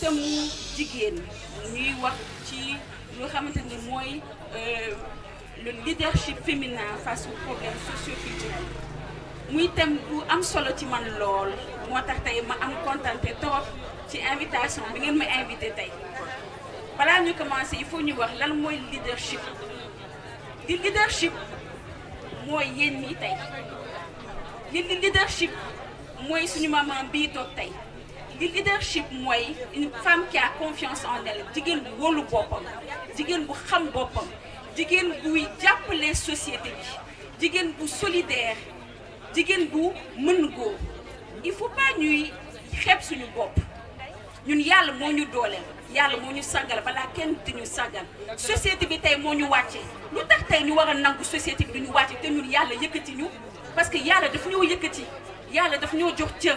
tëmu jigéen ñuy wax ci lu xamante ni mooy euh, le leadership féminin face aux problèmes socioculturels muy thème bu am solo ci man lool moo tax tey ma am kontante trop ci invitation bi ngeen ma invité tey balaa ñu commencé il faut ñu wax lan mooy leadership Le leadership mooy yéen ñi Le li leadership mooy suñu maman bii toog tey le leadership mooy une femme qui a confiance en elle jigéen bu wóolu boppam jigéen bu xam boppam jigéen buy jàppale société bi jigéen bu solidaire jigéen bu mën il faut pas ñuy xeeb suñu bop ñun yalla moo ñu dooleel yàlla moo ñu sàggal balaa kenn di ñu sàggal société bi tay moo ñu wàccee lu tax ñu wara nang nangu société bi ñu wàcce te ñun yalla yëkëti ñu parce que yalla daf ñoo yëkëti yalla daf ñoo jox cër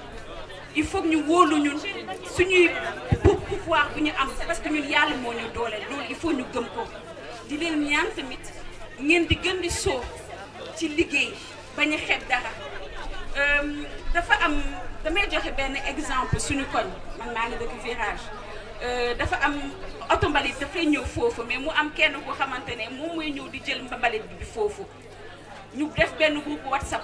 il faut que nous wóolu ñun pouvoir venir parce que nous y allons ñu doole il faut nous gëm ko di tamit ngeen di di ci euh, am exemple suñu nous Nous virage euh, dafa am nous mais mu am kenn nous groupe WhatsApp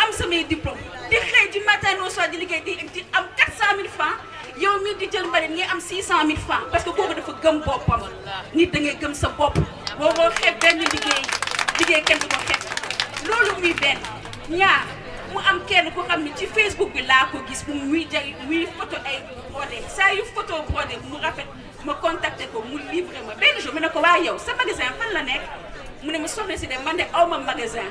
am samay diplôme di xëy du matin au soir di liggéey di am 400000 francs yow mi di jël am 600000 francs parce que kooku dafa gëm boppam nit da ngay gëm sa bopp boo xeeb benn liggéey liggéey kenn ko xeeb loolu muy benn mu am ko Facebook bi laa ko gis mu muy photo ay photo mu rafet ma contacté ko mu livré ma jour ma ne yow sa magasin fan la mu ma magasin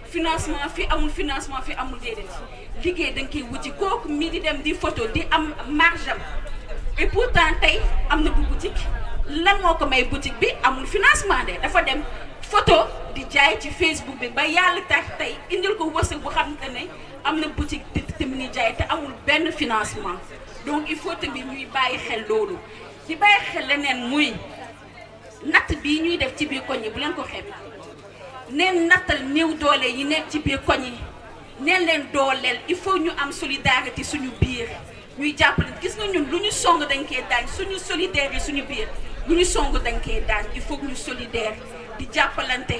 financement fi amul financement fi amul déedéet liggéey da nga koy wuti kooku mi di dem di photo di am margem am et pourtant tey am na bu boutique lan moo ko may boutique bi amul financement de dafa dem photo di jaay ci Facebook bi ba yàlla tax tey indil ko wërsëg bu xam te ne am na boutique di tamit ni jaay te amul benn financement donc il faut bi ñuy bàyyi xel loolu di bàyyi xel leneen muy natt bii ñuy def ci biir koñ yi bu leen ko xeeb neen nattal néew doole yi nekk ci biir koñ yi neen leen dooleel il faut ñu am solidarité suñu biir ñuy jàppale gis nga ñun lu ñu song dañ koy daañ suñu solidaire yi suñu biir lu ñu song dañ koy daañ il faut ñu solidaire di jàppalante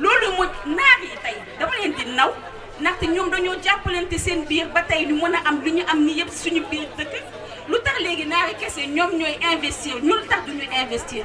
loolu mooy naar yi tey dama leen di naw ndaxte ñoom dañoo jàppalante seen biir ba tey ñu mën a am lu ñu am ni yëpp suñu biir dëkk lu tax léegi yi kese ñoom ñooy investir ñu lu tax duñu investir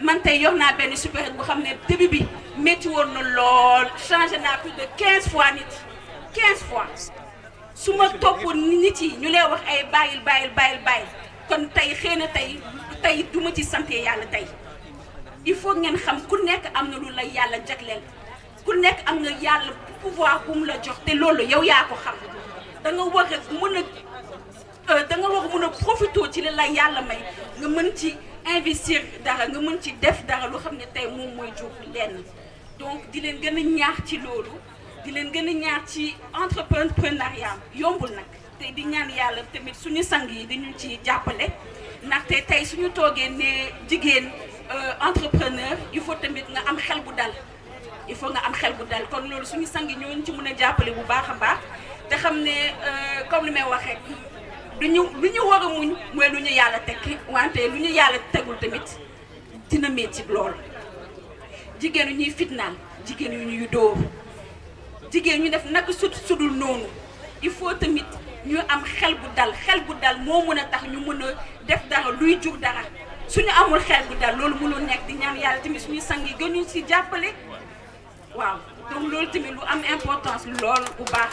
man tey yor naa benn supérette bu xam ne début bi métti woon na lool changé naa plus de 15 fois nit quinze fois su ma toppoon nit yi ñu lay wax ay bàyyil bàyyil bàyyil bàyyil kon tey xëy na tey tey du ma ci sant yàlla tey il faut ngeen xam ku nekk am na lu la yàlla jagleel ku nekk am na yàlla pouvoir bu la jox te loolu yow yaa ko xam da nga war a mën a euh, da nga war ci li la yàlla may nga mën ci. investir dara nga mën ci def dara lu xam ne tey moom mooy jur lenn donc di leen gën a ñaax ci loolu di leen gën a ñaax ci entrepreneuriat yombul nag te di ñaan yàlla tamit suñu sang yi di ñu ci jàppale ndaxte tey suñu toogee ne jigéen euh, entrepreneur il faut tamit nga am xel bu dal il faut nga am xel bu dal kon loolu suñu sang yi ñooñu ci mën a jàppale bu baax a baax te xam ne euh, comme li may waxee duñu lu ñu war a muñ mooy lu ñu yàlla tekki wante lu ñu yàlla tegul tamit dina métti lool jigéen yu ñuy fitnaan jigéen yu ñuy dóor jigéen ñu def naka sut sudul noonu il faut tamit ñu am xel bu dal xel bu dal moo mën a tax ñu mën a def dara luy jur dara suñu amul xel bu dal loolu mënul nekk di ñaan yàlla tamit suñu sang yi gënuñ si jàppale waaw donc loolu tamit lu am importance lool bu baax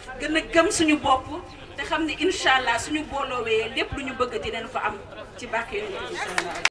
gën a gëm suñu bopp te xam ne incha allah suñu booloowee lépp lu ñu bëgg dinañ ko am ci barke yonent bi